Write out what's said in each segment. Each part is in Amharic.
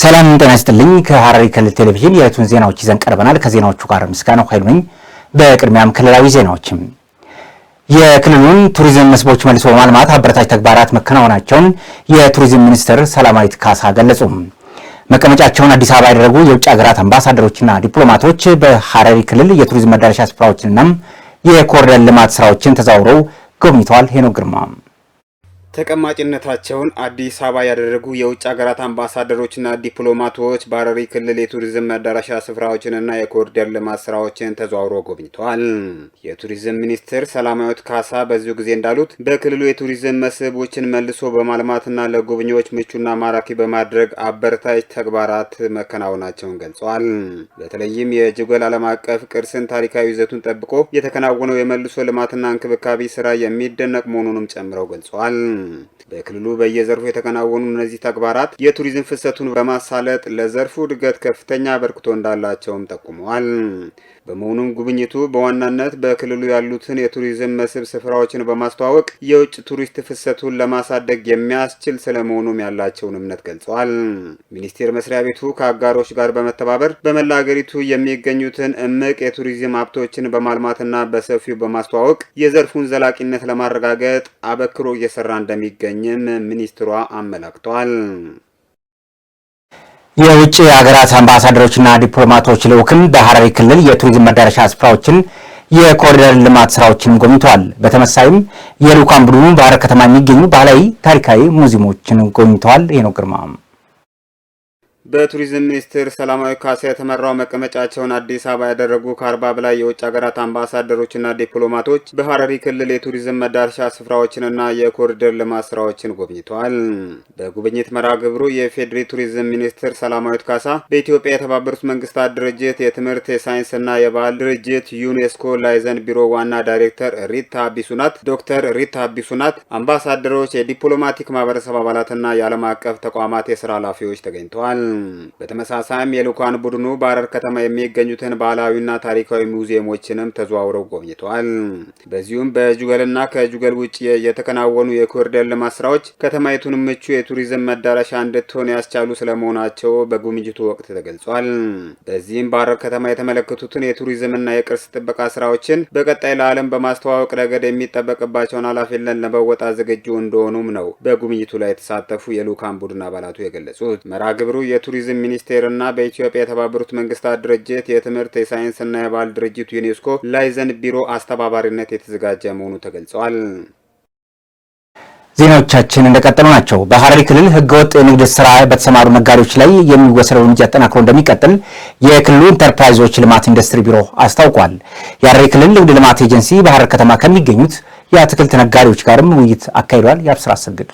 ሰላም ጤና ይስጥልኝ። ከሐረሪ ክልል ቴሌቪዥን የዕለቱን ዜናዎች ይዘን ቀርበናል። ከዜናዎቹ ጋር ምስጋናው ኃይሉ ነኝ። በቅድሚያም ክልላዊ ዜናዎችም የክልሉን ቱሪዝም መስህቦች መልሶ በማልማት አበረታች ተግባራት መከናወናቸውን የቱሪዝም ሚኒስትር ሰላማዊት ካሳ ገለጹ። መቀመጫቸውን አዲስ አበባ ያደረጉ የውጭ ሀገራት አምባሳደሮችና ዲፕሎማቶች በሐረሪ ክልል የቱሪዝም መዳረሻ ስፍራዎችንና የኮሪደር ልማት ስራዎችን ተዛውረው ጎብኝተዋል። ሄኖ ግርማ ተቀማጭነታቸውን አዲስ አበባ ያደረጉ የውጭ ሀገራት አምባሳደሮችና ዲፕሎማቶች በሐረሪ ክልል የቱሪዝም መዳረሻ ስፍራዎችንና የኮሪደር ልማት ስራዎችን ተዘዋውሮ ጎብኝተዋል። የቱሪዝም ሚኒስትር ሰላማዊት ካሳ በዚሁ ጊዜ እንዳሉት በክልሉ የቱሪዝም መስህቦችን መልሶ በማልማትና ለጎብኚዎች ምቹና ማራኪ በማድረግ አበረታች ተግባራት መከናወናቸውን ገልጸዋል። በተለይም የጅጎል ዓለም አቀፍ ቅርስን ታሪካዊ ይዘቱን ጠብቆ የተከናወነው የመልሶ ልማትና እንክብካቤ ስራ የሚደነቅ መሆኑንም ጨምረው ገልጸዋል። በክልሉ በየዘርፉ የተከናወኑ እነዚህ ተግባራት የቱሪዝም ፍሰቱን በማሳለጥ ለዘርፉ እድገት ከፍተኛ በርክቶ እንዳላቸውም ጠቁመዋል። በመሆኑም ጉብኝቱ በዋናነት በክልሉ ያሉትን የቱሪዝም መስህብ ስፍራዎችን በማስተዋወቅ የውጭ ቱሪስት ፍሰቱን ለማሳደግ የሚያስችል ስለመሆኑም ያላቸውን እምነት ገልጸዋል። ሚኒስቴር መስሪያ ቤቱ ከአጋሮች ጋር በመተባበር በመላ አገሪቱ የሚገኙትን እምቅ የቱሪዝም ሀብቶችን በማልማትና በሰፊው በማስተዋወቅ የዘርፉን ዘላቂነት ለማረጋገጥ አበክሮ እየሰራ እንደሚገኝም ሚኒስትሯ አመላክተዋል። የውጭ ሀገራት አምባሳደሮችና ዲፕሎማቶች ልዑክም በሐረሪ ክልል የቱሪዝም መዳረሻ ስፍራዎችን የኮሪደር ልማት ስራዎችን ጎብኝተዋል። በተመሳይም የልዑካን ቡድኑ በሐረር ከተማ የሚገኙ ባህላዊ፣ ታሪካዊ ሙዚየሞችን ጎብኝተዋል። ሄኖክ ግርማ በቱሪዝም ሚኒስትር ሰላማዊ ካሳ የተመራው መቀመጫቸውን አዲስ አበባ ያደረጉ ከአርባ በላይ የውጭ ሀገራት አምባሳደሮችና ዲፕሎማቶች በሀረሪ ክልል የቱሪዝም መዳረሻ ስፍራዎችንና የኮሪደር ልማት ስራዎችን ጎብኝተዋል። በጉብኝት መርሃ ግብሩ የፌዴሪ ቱሪዝም ሚኒስትር ሰላማዊት ካሳ በኢትዮጵያ የተባበሩት መንግስታት ድርጅት የትምህርት የሳይንስና የባህል ድርጅት ዩኔስኮ ላይዘን ቢሮ ዋና ዳይሬክተር ሪታ ቢሱናት ዶክተር ሪታ ቢሱናት አምባሳደሮች፣ የዲፕሎማቲክ ማህበረሰብ አባላትና የዓለም አቀፍ ተቋማት የስራ ኃላፊዎች ተገኝተዋል። በተመሳሳይም የልዑካን ቡድኑ በሐረር ከተማ የሚገኙትን ባህላዊና ታሪካዊ ሙዚየሞችንም ተዘዋውረው ጎብኝተዋል። በዚሁም በጁገልና ከጁገል ውጭ የተከናወኑ የኮሪደር ልማት ስራዎች ከተማይቱን ምቹ የቱሪዝም መዳረሻ እንድትሆን ያስቻሉ ስለመሆናቸው በጉብኝቱ ወቅት ተገልጿል። በዚህም በሐረር ከተማ የተመለከቱትን የቱሪዝምና የቅርስ ጥበቃ ስራዎችን በቀጣይ ለዓለም በማስተዋወቅ ረገድ የሚጠበቅባቸውን ኃላፊነት ለመወጣት ዝግጁ እንደሆኑም ነው በጉብኝቱ ላይ የተሳተፉ የልኡካን ቡድን አባላቱ የገለጹት መርሃ ግብሩ ቱሪዝም ሚኒስቴርና በኢትዮጵያ የተባበሩት መንግስታት ድርጅት የትምህርት የሳይንስና የባህል ድርጅት ዩኔስኮ ላይዘን ቢሮ አስተባባሪነት የተዘጋጀ መሆኑ ተገልጸዋል። ዜናዎቻችን እንደቀጠሉ ናቸው። በሐረሪ ክልል ህገወጥ የንግድ ስራ በተሰማሩ ነጋዴዎች ላይ የሚወሰደው እርምጃ ተጠናክሮ እንደሚቀጥል የክልሉ ኢንተርፕራይዞች ልማት ኢንዱስትሪ ቢሮ አስታውቋል። የሐረሪ ክልል ንግድ ልማት ኤጀንሲ በሐረር ከተማ ከሚገኙት የአትክልት ነጋዴዎች ጋርም ውይይት አካሂዷል። የአብስራ አሰግድ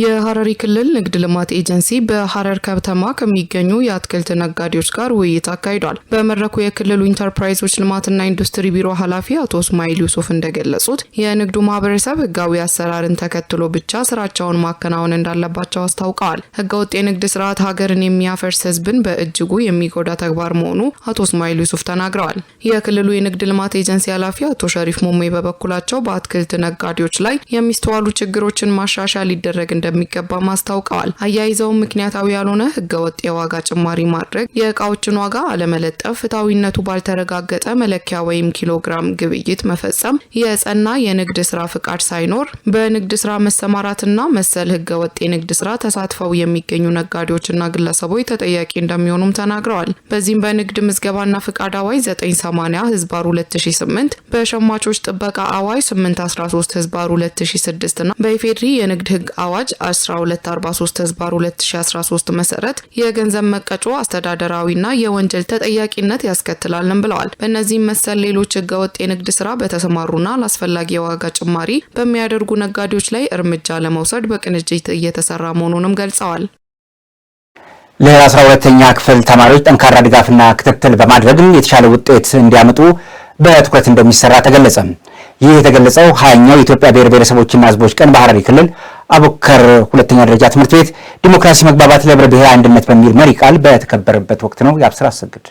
የሐረሪ ክልል ንግድ ልማት ኤጀንሲ በሐረር ከተማ ከሚገኙ የአትክልት ነጋዴዎች ጋር ውይይት አካሂዷል። በመድረኩ የክልሉ ኢንተርፕራይዞች ልማትና ኢንዱስትሪ ቢሮ ኃላፊ አቶ እስማኤል ዩሱፍ እንደገለጹት የንግዱ ማህበረሰብ ህጋዊ አሰራርን ተከትሎ ብቻ ስራቸውን ማከናወን እንዳለባቸው አስታውቀዋል። ህገወጥ የንግድ ስርዓት ሀገርን የሚያፈርስ ህዝብን በእጅጉ የሚጎዳ ተግባር መሆኑ አቶ እስማኤል ዩሱፍ ተናግረዋል። የክልሉ የንግድ ልማት ኤጀንሲ ኃላፊ አቶ ሸሪፍ ሞሜ በበኩላቸው በአትክልት ነጋዴዎች ላይ የሚስተዋሉ ችግሮችን ማሻሻል ሊደረግ እንደሚገባም አስታውቀዋል። አያይዘውም ምክንያታዊ ያልሆነ ህገወጥ የዋጋ ጭማሪ ማድረግ፣ የእቃዎችን ዋጋ አለመለጠፍ፣ ፍትሐዊነቱ ባልተረጋገጠ መለኪያ ወይም ኪሎግራም ግብይት መፈጸም፣ የጸና የንግድ ስራ ፍቃድ ሳይኖር በንግድ ስራ መሰማራትና መሰል ህገወጥ የንግድ ስራ ተሳትፈው የሚገኙ ነጋዴዎችና ግለሰቦች ተጠያቂ እንደሚሆኑም ተናግረዋል። በዚህም በንግድ ምዝገባና ፍቃድ አዋጅ 980 ህዝባር 2008 በሸማቾች ጥበቃ አዋጅ 813 ህዝባር 2006 እና በኢፌድሪ የንግድ ህግ አዋጅ 1243 ህዝባር 2013 መሰረት የገንዘብ መቀጮ አስተዳደራዊና የወንጀል ተጠያቂነት ያስከትላልን ብለዋል። በእነዚህም መሰል ሌሎች ህገወጥ የንግድ ስራ በተሰማሩና ላስፈላጊ የዋጋ ጭማሪ በሚያደርጉ ነጋዴዎች ላይ እርምጃ ለመውሰድ በቅንጅት እየተሰራ መሆኑንም ገልጸዋል። ለ12ተኛ ክፍል ተማሪዎች ጠንካራ ድጋፍና ክትትል በማድረግ የተሻለ ውጤት እንዲያመጡ በትኩረት እንደሚሰራ ተገለጸ። ይህ የተገለጸው ሀያኛው የኢትዮጵያ ብሔር ብሔረሰቦችና ህዝቦች ቀን በሐረሪ ክልል አቡከር ሁለተኛ ደረጃ ትምህርት ቤት ዲሞክራሲ መግባባት ለህብረ ብሔራዊ አንድነት በሚል መሪ ቃል በተከበረበት ወቅት ነው። የአብስራ አሰግድ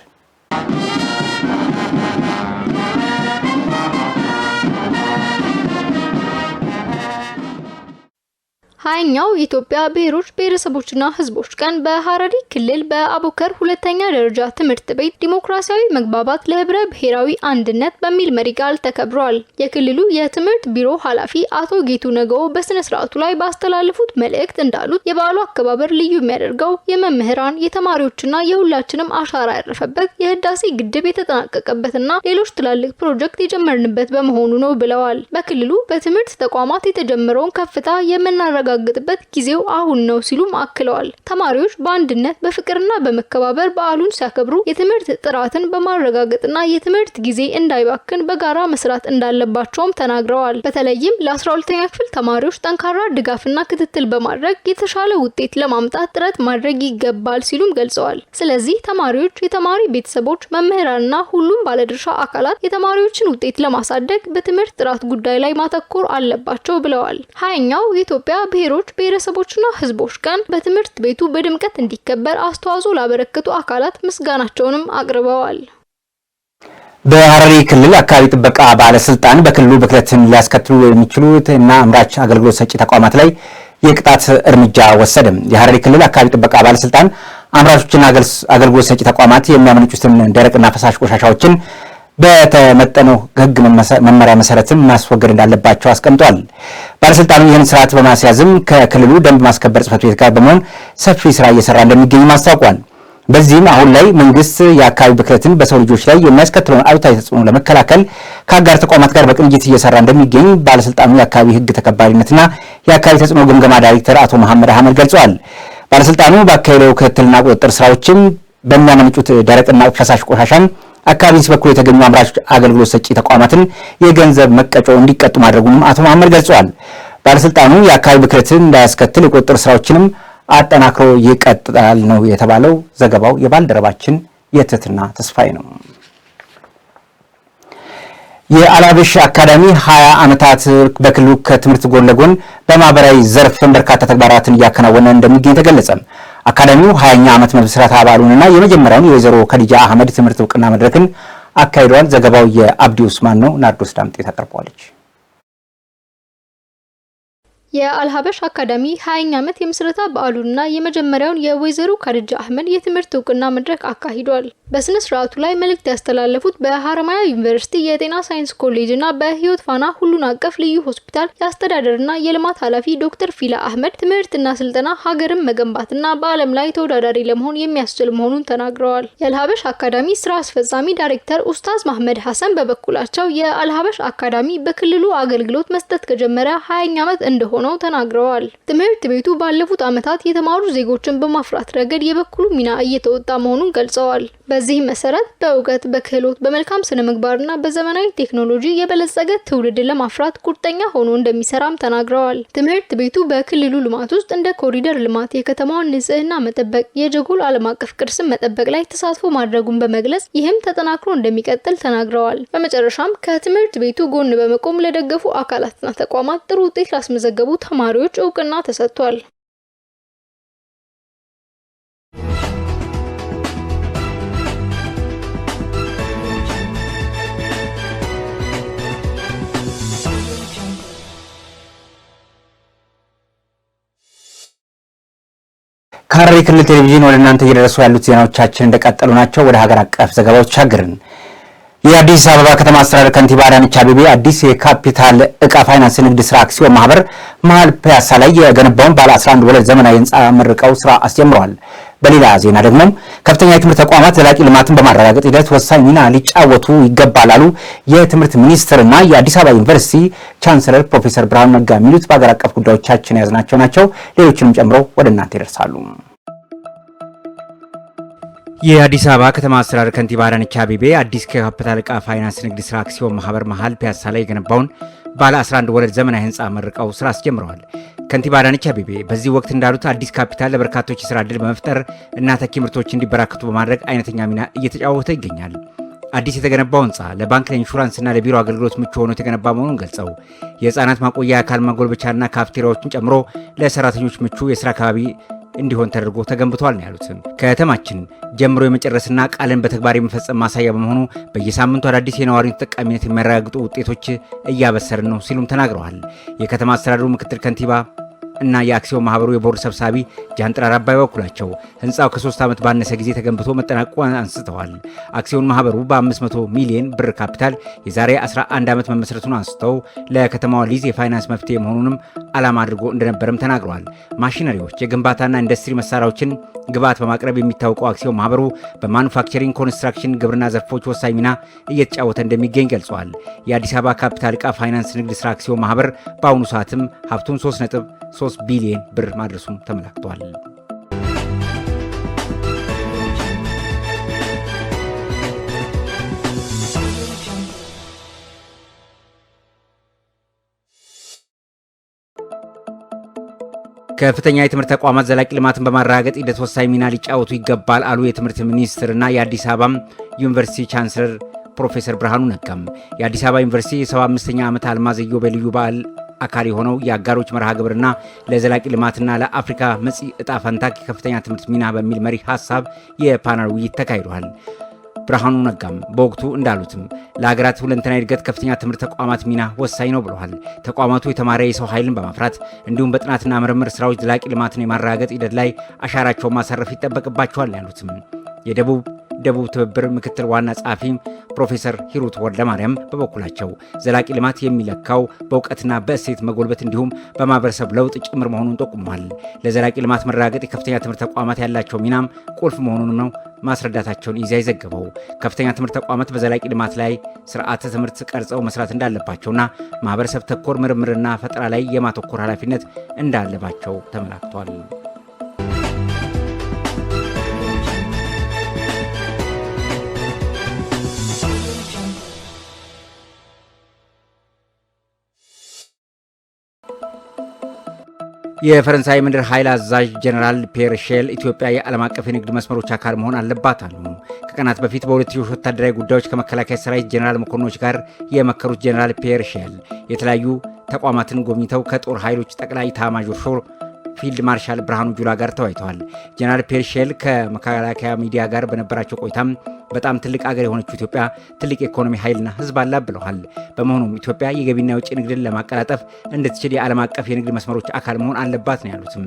ሀያኛው የኢትዮጵያ ብሔሮች ብሔረሰቦችና ህዝቦች ቀን በሀረሪ ክልል በአቦከር ሁለተኛ ደረጃ ትምህርት ቤት ዲሞክራሲያዊ መግባባት ለህብረ ብሔራዊ አንድነት በሚል መሪ ቃል ተከብሯል። የክልሉ የትምህርት ቢሮ ኃላፊ አቶ ጌቱ ነገው በስነ ስርዓቱ ላይ ባስተላለፉት መልእክት እንዳሉት የበዓሉ አከባበር ልዩ የሚያደርገው የመምህራን የተማሪዎችና የሁላችንም አሻራ ያረፈበት የህዳሴ ግድብ የተጠናቀቀበትና ሌሎች ትላልቅ ፕሮጀክት የጀመርንበት በመሆኑ ነው ብለዋል። በክልሉ በትምህርት ተቋማት የተጀመረውን ከፍታ የምናረጋ የሚረጋገጥበት ጊዜው አሁን ነው ሲሉም አክለዋል። ተማሪዎች በአንድነት በፍቅርና በመከባበር በዓሉን ሲያከብሩ የትምህርት ጥራትን በማረጋገጥና የትምህርት ጊዜ እንዳይባክን በጋራ መስራት እንዳለባቸውም ተናግረዋል። በተለይም ለ12ኛ ክፍል ተማሪዎች ጠንካራ ድጋፍና ክትትል በማድረግ የተሻለ ውጤት ለማምጣት ጥረት ማድረግ ይገባል ሲሉም ገልጸዋል። ስለዚህ ተማሪዎች፣ የተማሪ ቤተሰቦች፣ መምህራንና ሁሉም ባለድርሻ አካላት የተማሪዎችን ውጤት ለማሳደግ በትምህርት ጥራት ጉዳይ ላይ ማተኮር አለባቸው ብለዋል። ሀያኛው የኢትዮጵያ ብሔር ብሔሮች፣ ብሔረሰቦችና ህዝቦች ቀን በትምህርት ቤቱ በድምቀት እንዲከበር አስተዋጽኦ ላበረከቱ አካላት ምስጋናቸውንም አቅርበዋል። በሐረሪ ክልል አካባቢ ጥበቃ ባለስልጣን በክልሉ ብክለትን ሊያስከትሉ የሚችሉት እና አምራች አገልግሎት ሰጪ ተቋማት ላይ የቅጣት እርምጃ ወሰደም። የሐረሪ ክልል አካባቢ ጥበቃ ባለስልጣን አምራቾችና አገልግሎት ሰጪ ተቋማት የሚያመነጩትን ደረቅና ፈሳሽ ቆሻሻዎችን በተመጠነው ህግ መመሪያ መሰረትም ማስወገድ እንዳለባቸው አስቀምጧል። ባለስልጣኑ ይህን ስርዓት በማስያዝም ከክልሉ ደንብ ማስከበር ጽፈት ቤት ጋር በመሆን ሰፊ ስራ እየሰራ እንደሚገኝም አስታውቋል። በዚህም አሁን ላይ መንግስት የአካባቢ ብክለትን በሰው ልጆች ላይ የሚያስከትለውን አሉታዊ ተጽዕኖ ለመከላከል ከአጋር ተቋማት ጋር በቅንጅት እየሰራ እንደሚገኝ ባለስልጣኑ የአካባቢ ህግ ተከባሪነትና የአካባቢ ተጽዕኖ ግምገማ ዳይሬክተር አቶ መሐመድ አህመድ ገልጸዋል። ባለስልጣኑ በአካሄደው ክትትልና ቁጥጥር ስራዎችም በሚያመንጩት ደረቅና ፈሳሽ ቆሻሻን አካባቢስ በኩል የተገኙ አምራች አገልግሎት ሰጪ ተቋማትን የገንዘብ መቀጮ እንዲቀጡ ማድረጉንም አቶ መሐመድ ገልጸዋል። ባለስልጣኑ የአካባቢ ብክለትን እንዳያስከትል የቁጥጥር ስራዎችንም አጠናክሮ ይቀጥላል ነው የተባለው። ዘገባው የባልደረባችን የትትና ተስፋዬ ነው። የአላበሽ አካዳሚ 20 ዓመታት በክልሉ ከትምህርት ጎን ለጎን በማህበራዊ ዘርፍ በርካታ ተግባራትን እያከናወነ እንደሚገኝ ተገለጸ። አካዳሚው ሀያኛ ዓመት ምስረታ አባሉንና የመጀመሪያውን የወይዘሮ ከዲጃ አህመድ ትምህርት እውቅና መድረክን አካሂደዋል። ዘገባው የአብዲ ኡስማን ነው። ናርዶስ ዳምጤ ታቀርበዋለች። የአልሀበሽ አካዳሚ 2ኛ ዓመት የምስረታ በዓሉንና የመጀመሪያውን የወይዘሮ ካድጃ አህመድ የትምህርት እውቅና መድረክ አካሂዷል። በስነ ስርዓቱ ላይ መልእክት ያስተላለፉት በሀረማያ ዩኒቨርሲቲ የጤና ሳይንስ ኮሌጅና በህይወት ፋና ሁሉን አቀፍ ልዩ ሆስፒታል የአስተዳደርና የልማት ኃላፊ ዶክተር ፊላ አህመድ ትምህርትና ስልጠና ሀገርን መገንባትና በዓለም ላይ ተወዳዳሪ ለመሆን የሚያስችል መሆኑን ተናግረዋል። የአልሀበሽ አካዳሚ ስራ አስፈጻሚ ዳይሬክተር ኡስታዝ ማህመድ ሀሰን በበኩላቸው የአልሀበሽ አካዳሚ በክልሉ አገልግሎት መስጠት ከጀመረ 2ኛ ዓመት እንደሆነ ሆነው ተናግረዋል። ትምህርት ቤቱ ባለፉት ዓመታት የተማሩ ዜጎችን በማፍራት ረገድ የበኩሉ ሚና እየተወጣ መሆኑን ገልጸዋል። በዚህ መሰረት በእውቀት፣ በክህሎት፣ በመልካም ስነ ምግባርና በዘመናዊ ቴክኖሎጂ የበለጸገ ትውልድ ለማፍራት ቁርጠኛ ሆኖ እንደሚሰራም ተናግረዋል። ትምህርት ቤቱ በክልሉ ልማት ውስጥ እንደ ኮሪደር ልማት፣ የከተማውን ንጽህና መጠበቅ፣ የጀጎል ዓለም አቀፍ ቅርስን መጠበቅ ላይ ተሳትፎ ማድረጉን በመግለጽ ይህም ተጠናክሮ እንደሚቀጥል ተናግረዋል። በመጨረሻም ከትምህርት ቤቱ ጎን በመቆም ለደገፉ አካላትና ተቋማት ጥሩ ውጤት ላስመዘገቡ ተማሪዎች እውቅና ተሰጥቷል። ሐረሪ ክልል ቴሌቪዥን ወደ እናንተ እየደረሱ ያሉት ዜናዎቻችን እንደቀጠሉ ናቸው። ወደ ሀገር አቀፍ ዘገባዎች ተሻገርን። የአዲስ አበባ ከተማ አስተዳደር ከንቲባ አዳነች አቤቤ አዲስ የካፒታል እቃ ፋይናንስ ንግድ ስራ አክሲዮን ማህበር መሀል ፒያሳ ላይ የገነባውን ባለ 11 ወለል ዘመናዊ ህንፃ መርቀው ስራ አስጀምረዋል። በሌላ ዜና ደግሞ ከፍተኛ የትምህርት ተቋማት ዘላቂ ልማትን በማረጋገጥ ሂደት ወሳኝ ሚና ሊጫወቱ ይገባል አሉ የትምህርት ሚኒስትርና የአዲስ አበባ ዩኒቨርሲቲ ቻንሰለር ፕሮፌሰር ብርሃኑ ነጋ የሚሉት በሀገር አቀፍ ጉዳዮቻችን የያዝናቸው ናቸው። ሌሎችንም ጨምሮ ወደ እናንተ ይደርሳሉ። የአዲስ አበባ ከተማ አስተዳደር ከንቲባ አዳነች አቤቤ አዲስ ካፒታል ዕቃ ፋይናንስ ንግድ ስራ አክሲዮን ማህበር መሀል ፒያሳ ላይ የገነባውን ባለ 11 ወለል ዘመናዊ ህንፃ መርቀው ስራ አስጀምረዋል። ከንቲባ አዳነች አቤቤ በዚህ ወቅት እንዳሉት አዲስ ካፒታል ለበርካቶች የስራ ዕድል በመፍጠር እና ተኪ ምርቶች እንዲበራከቱ በማድረግ አይነተኛ ሚና እየተጫወተ ይገኛል። አዲስ የተገነባው ህንፃ ለባንክ ለኢንሹራንስና ለቢሮ አገልግሎት ምቹ ሆኖ የተገነባ መሆኑን ገልጸው የህፃናት ማቆያ፣ የአካል ማጎልበቻና ካፍቴሪያዎችን ጨምሮ ለሰራተኞች ምቹ የስራ አካባቢ እንዲሆን ተደርጎ ተገንብቷል ነው ያሉትም። ከተማችን ጀምሮ የመጨረስና ቃልን በተግባር የመፈጸም ማሳያ በመሆኑ በየሳምንቱ አዳዲስ የነዋሪውን ተጠቃሚነት የሚያረጋግጡ ውጤቶች እያበሰርን ነው ሲሉም ተናግረዋል። የከተማ አስተዳደሩ ምክትል ከንቲባ እና የአክሲዮን ማህበሩ የቦርድ ሰብሳቢ ጃንጥራ ራባይ በኩላቸው ህንፃው ከሶስት ዓመት ባነሰ ጊዜ ተገንብቶ መጠናቀቁ አንስተዋል። አክሲዮን ማህበሩ በ500 ሚሊዮን ብር ካፒታል የዛሬ 11 ዓመት መመስረቱን አንስተው ለከተማዋ ሊዝ የፋይናንስ መፍትሄ መሆኑንም ዓላማ አድርጎ እንደነበረም ተናግረዋል። ማሽነሪዎች፣ የግንባታና ኢንዱስትሪ መሳሪያዎችን ግብዓት በማቅረብ የሚታወቀው አክሲዮን ማህበሩ በማኑፋክቸሪንግ፣ ኮንስትራክሽን፣ ግብርና ዘርፎች ወሳኝ ሚና እየተጫወተ እንደሚገኝ ገልጿል። የአዲስ አበባ ካፒታል ዕቃ ፋይናንስ ንግድ ስራ አክሲዮን ማህበር በአሁኑ ሰዓትም ሀብቱን 3 ነጥብ 3 ቢሊየን ብር ማድረሱም ተመላክቷል። ከፍተኛ የትምህርት ተቋማት ዘላቂ ልማትን በማረጋገጥ ሂደት ወሳኝ ሚና ሊጫወቱ ይገባል አሉ የትምህርት ሚኒስትርና የአዲስ አበባ ዩኒቨርሲቲ ቻንስለር ፕሮፌሰር ብርሃኑ ነጋም። የአዲስ አበባ ዩኒቨርሲቲ የ75ኛ ዓመት አልማዝ ኢዮቤልዩ በዓል አካል የሆነው የአጋሮች መርሃ ግብርና ለዘላቂ ልማትና ለአፍሪካ መጽ እጣ ፈንታ ከፍተኛ ትምህርት ሚና በሚል መሪ ሀሳብ የፓናል ውይይት ተካሂዷል። ብርሃኑ ነጋም በወቅቱ እንዳሉትም ለሀገራት ሁለንተናዊ እድገት ከፍተኛ ትምህርት ተቋማት ሚና ወሳኝ ነው ብለዋል። ተቋማቱ የተማረ የሰው ኃይልን በማፍራት እንዲሁም በጥናትና ምርምር ስራዎች ዘላቂ ልማትን የማረጋገጥ ሂደት ላይ አሻራቸውን ማሳረፍ ይጠበቅባቸዋል ያሉትም የደቡብ ደቡብ ትብብር ምክትል ዋና ጸሐፊ ፕሮፌሰር ሂሩት ማርያም በበኩላቸው ዘላቂ ልማት የሚለካው በእውቀትና በእሴት መጎልበት እንዲሁም በማህበረሰብ ለውጥ ጭምር መሆኑን ጠቁሟል። ለዘላቂ ልማት መረጋገጥ የከፍተኛ ትምህርት ተቋማት ያላቸው ሚናም ቁልፍ መሆኑንም ነው ማስረዳታቸውን ኢዜአ የዘገበው። ከፍተኛ ትምህርት ተቋማት በዘላቂ ልማት ላይ ስርዓተ ትምህርት ቀርጸው መስራት እንዳለባቸውና ማህበረሰብ ተኮር ምርምርና ፈጠራ ላይ የማተኮር ኃላፊነት እንዳለባቸው ተመላክቷል። የፈረንሳይ ምድር ኃይል አዛዥ ጀኔራል ፒየር ሼል ኢትዮጵያ የዓለም አቀፍ የንግድ መስመሮች አካል መሆን አለባት አሉ። ከቀናት በፊት በሁለትዮሽ ወታደራዊ ጉዳዮች ከመከላከያ ሰራዊት ጀኔራል መኮንኖች ጋር የመከሩት ጀኔራል ፒየር ሼል የተለያዩ ተቋማትን ጎብኝተው ከጦር ኃይሎች ጠቅላይ ኤታማዦር ሾር ፊልድ ማርሻል ብርሃኑ ጁላ ጋር ተወያይተዋል። ጀነራል ፔርሼል ከመከላከያ ሚዲያ ጋር በነበራቸው ቆይታም በጣም ትልቅ አገር የሆነችው ኢትዮጵያ ትልቅ የኢኮኖሚ ኃይልና ሕዝብ አላት ብለዋል። በመሆኑም ኢትዮጵያ የገቢና የውጭ ንግድን ለማቀላጠፍ እንድትችል የዓለም አቀፍ የንግድ መስመሮች አካል መሆን አለባት ነው ያሉትም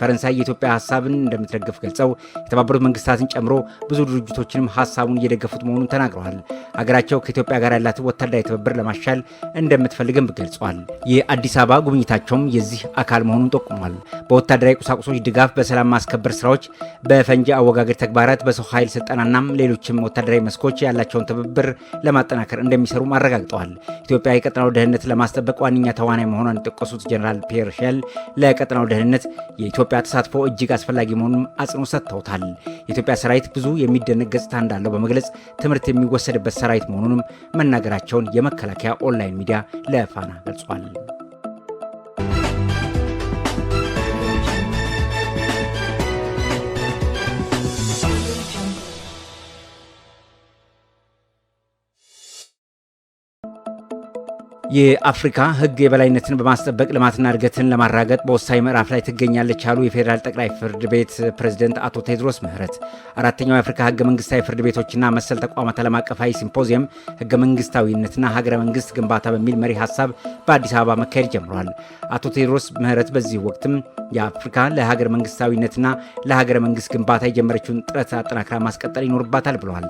ፈረንሳይ የኢትዮጵያ ሀሳብን እንደምትደግፍ ገልጸው የተባበሩት መንግስታትን ጨምሮ ብዙ ድርጅቶችንም ሀሳቡን እየደገፉት መሆኑን ተናግረዋል። ሀገራቸው ከኢትዮጵያ ጋር ያላትን ወታደራዊ ትብብር ለማሻል እንደምትፈልግም ገልጿል። የአዲስ አበባ ጉብኝታቸውም የዚህ አካል መሆኑን ጠቁሟል። በወታደራዊ ቁሳቁሶች ድጋፍ፣ በሰላም ማስከበር ስራዎች፣ በፈንጂ አወጋገድ ተግባራት፣ በሰው ኃይል ስልጠናና ሌሎችም ወታደራዊ መስኮች ያላቸውን ትብብር ለማጠናከር እንደሚሰሩም አረጋግጠዋል። ኢትዮጵያ የቀጠናው ደህንነት ለማስጠበቅ ዋነኛ ተዋናይ መሆኗን የጠቀሱት ጀኔራል ፒየር ሼል ለቀጠናው ደህንነት የኢትዮ የኢትዮጵያ ተሳትፎ እጅግ አስፈላጊ መሆኑም አጽኖ ሰጥተውታል። የኢትዮጵያ ሰራዊት ብዙ የሚደነቅ ገጽታ እንዳለው በመግለጽ ትምህርት የሚወሰድበት ሰራዊት መሆኑንም መናገራቸውን የመከላከያ ኦንላይን ሚዲያ ለፋና ገልጿል። የአፍሪካ ሕግ የበላይነትን በማስጠበቅ ልማትና እድገትን ለማራገጥ በወሳኝ ምዕራፍ ላይ ትገኛለች ያሉ የፌዴራል ጠቅላይ ፍርድ ቤት ፕሬዝደንት አቶ ቴድሮስ ምህረት አራተኛው የአፍሪካ ሕገ መንግስታዊ ፍርድ ቤቶችና መሰል ተቋማት ዓለም አቀፋዊ ሲምፖዚየም ሕገ መንግስታዊነትና ሀገረ መንግስት ግንባታ በሚል መሪ ሀሳብ በአዲስ አበባ መካሄድ ጀምሯል። አቶ ቴድሮስ ምህረት በዚህ ወቅትም የአፍሪካ ለሀገር መንግስታዊነትና ለሀገረ መንግስት ግንባታ የጀመረችውን ጥረት አጠናክራ ማስቀጠል ይኖርባታል ብለዋል።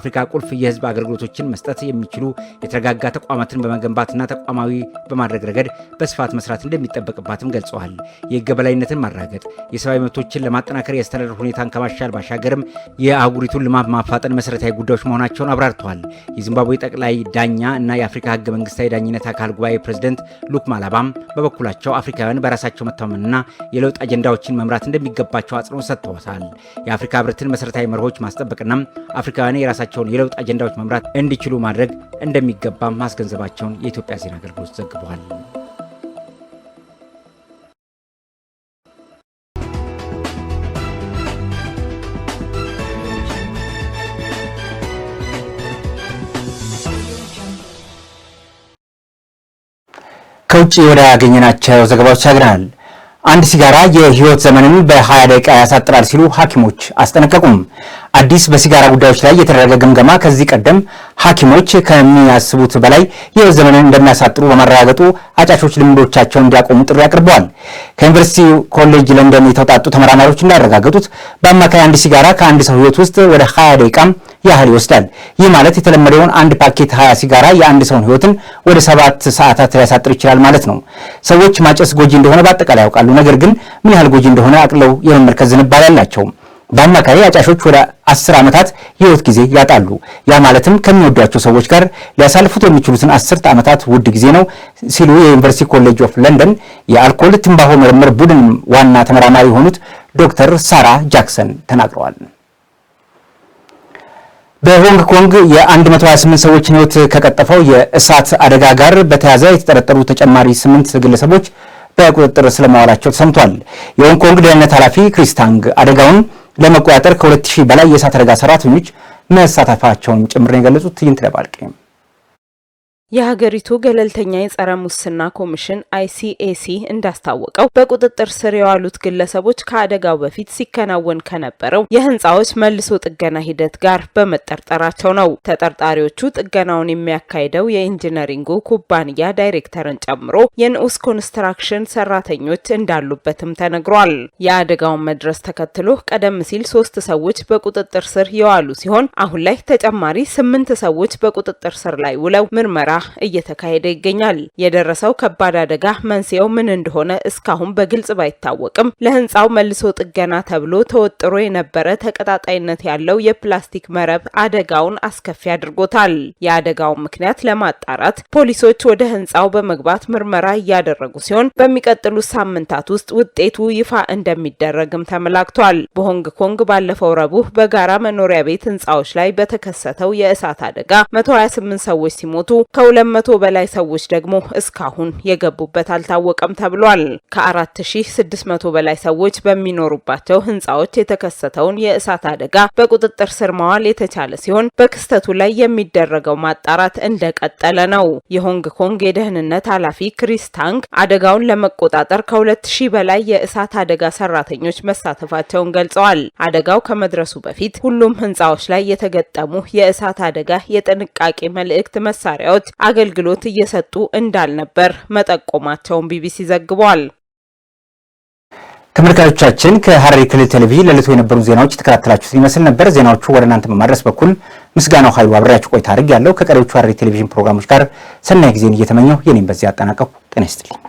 አፍሪካ ቁልፍ የህዝብ አገልግሎቶችን መስጠት የሚችሉ የተረጋጋ ተቋማትን በመገንባትና ሀገራዊና ተቋማዊ በማድረግ ረገድ በስፋት መስራት እንደሚጠበቅባትም ገልጸዋል። የህግ ማራገጥ፣ የሰብአዊ መብቶችን ለማጠናከር የአስተዳደር ሁኔታን ከማሻል ባሻገርም የአህጉሪቱን ልማት ማፋጠን መሰረታዊ ጉዳዮች መሆናቸውን አብራርተዋል። የዚምባብዌ ጠቅላይ ዳኛ እና የአፍሪካ ህገ መንግስታዊ ዳኝነት አካል ጉባኤ ፕሬዝደንት ሉክ ማላባም በበኩላቸው አፍሪካውያን በራሳቸው መተማመንና የለውጥ አጀንዳዎችን መምራት እንደሚገባቸው አጽንኦት ሰጥተውታል። የአፍሪካ ህብረትን መሰረታዊ መርሆች ማስጠበቅና አፍሪካውያን የራሳቸውን የለውጥ አጀንዳዎች መምራት እንዲችሉ ማድረግ እንደሚገባም ማስገንዘባቸውን የኢትዮጵያ የኢትዮጵያ ዜና አገልግሎት ዘግቧል። ከውጭ ወደ ያገኘናቸው ዘገባዎች ተሻግረናል። አንድ ሲጋራ የህይወት ዘመንን በ20 ደቂቃ ያሳጥራል ሲሉ ሐኪሞች አስጠነቀቁም። አዲስ በሲጋራ ጉዳዮች ላይ የተደረገ ግምገማ ከዚህ ቀደም ሐኪሞች ከሚያስቡት በላይ የህይወት ዘመንን እንደሚያሳጥሩ በማረጋገጡ አጫቾች ልምዶቻቸውን እንዲያቆሙ ጥሪ አቅርበዋል። ከዩኒቨርሲቲ ኮሌጅ ለንደን የተውጣጡ ተመራማሪዎች እንዳረጋገጡት በአማካይ አንድ ሲጋራ ከአንድ ሰው ህይወት ውስጥ ወደ 20 ደቂቃም ያህል ይወስዳል። ይህ ማለት የተለመደውን አንድ ፓኬት 20 ሲጋራ የአንድ ሰውን ህይወትን ወደ ሰባት ሰዓታት ሊያሳጥር ይችላል ማለት ነው። ሰዎች ማጨስ ጎጂ እንደሆነ በአጠቃላይ ያውቃሉ ነገር ግን ምን ያህል ጎጂ እንደሆነ አቅለው የመመልከት ዝንባሌ አላቸውም። በአማካይ አጫሾች ወደ አስር ዓመታት የህይወት ጊዜ ያጣሉ። ያ ማለትም ከሚወዷቸው ሰዎች ጋር ሊያሳልፉት የሚችሉትን አስርት ዓመታት ውድ ጊዜ ነው ሲሉ የዩኒቨርሲቲ ኮሌጅ ኦፍ ለንደን የአልኮል ትንባሆ ምርምር ቡድን ዋና ተመራማሪ የሆኑት ዶክተር ሳራ ጃክሰን ተናግረዋል። በሆንግ ኮንግ የ128 ሰዎች ህይወት ከቀጠፈው የእሳት አደጋ ጋር በተያያዘ የተጠረጠሩ ተጨማሪ ስምንት ግለሰቦች በቁጥጥር ስለመዋላቸው ተሰምቷል። የሆንኮንግ ደህንነት ኃላፊ ክሪስታንግ አደጋውን ለመቆጣጠር ከ2 በላይ የእሳት አደጋ ሰራተኞች መሳተፋቸውን ጭምር የገለጹት ትዕይንት ለባልቄ የሀገሪቱ ገለልተኛ የጸረ ሙስና ኮሚሽን አይሲኤሲ እንዳስታወቀው በቁጥጥር ስር የዋሉት ግለሰቦች ከአደጋው በፊት ሲከናወን ከነበረው የህንፃዎች መልሶ ጥገና ሂደት ጋር በመጠርጠራቸው ነው። ተጠርጣሪዎቹ ጥገናውን የሚያካሂደው የኢንጂነሪንጉ ኩባንያ ዳይሬክተርን ጨምሮ የንዑስ ኮንስትራክሽን ሰራተኞች እንዳሉበትም ተነግሯል። የአደጋውን መድረስ ተከትሎ ቀደም ሲል ሶስት ሰዎች በቁጥጥር ስር የዋሉ ሲሆን አሁን ላይ ተጨማሪ ስምንት ሰዎች በቁጥጥር ስር ላይ ውለው ምርመራ እየተካሄደ ይገኛል። የደረሰው ከባድ አደጋ መንስኤው ምን እንደሆነ እስካሁን በግልጽ ባይታወቅም ለህንፃው መልሶ ጥገና ተብሎ ተወጥሮ የነበረ ተቀጣጣይነት ያለው የፕላስቲክ መረብ አደጋውን አስከፊ አድርጎታል። የአደጋውን ምክንያት ለማጣራት ፖሊሶች ወደ ህንፃው በመግባት ምርመራ እያደረጉ ሲሆን በሚቀጥሉት ሳምንታት ውስጥ ውጤቱ ይፋ እንደሚደረግም ተመላክቷል። በሆንግ ኮንግ ባለፈው ረቡዕ በጋራ መኖሪያ ቤት ህንፃዎች ላይ በተከሰተው የእሳት አደጋ 128 ሰዎች ሲሞቱ ከ ከሁለት መቶ በላይ ሰዎች ደግሞ እስካሁን የገቡበት አልታወቀም ተብሏል። ከአራት ሺህ ስድስት መቶ በላይ ሰዎች በሚኖሩባቸው ህንፃዎች የተከሰተውን የእሳት አደጋ በቁጥጥር ስር መዋል የተቻለ ሲሆን በክስተቱ ላይ የሚደረገው ማጣራት እንደቀጠለ ነው። የሆንግ ኮንግ የደህንነት ኃላፊ ክሪስ ታንግ አደጋውን ለመቆጣጠር ከሁለት ሺህ በላይ የእሳት አደጋ ሰራተኞች መሳተፋቸውን ገልጸዋል። አደጋው ከመድረሱ በፊት ሁሉም ህንፃዎች ላይ የተገጠሙ የእሳት አደጋ የጥንቃቄ መልእክት መሳሪያዎች አገልግሎት እየሰጡ እንዳልነበር መጠቆማቸውን ቢቢሲ ዘግቧል። ተመልካቾቻችን ከሐረሪ ክልል ቴሌቪዥን ለዕለቱ የነበሩ ዜናዎች የተከታተላችሁትን ይመስል ነበር። ዜናዎቹ ወደ እናንተ በማድረስ በኩል ምስጋናው ኃይሉ አብሬያችሁ ቆይታ አድርግ ያለው ከቀሪዎቹ ሐረሪ ቴሌቪዥን ፕሮግራሞች ጋር ሰናይ ጊዜን እየተመኘው የኔም በዚህ አጠናቀቁ። ጤና ይስጥልኝ።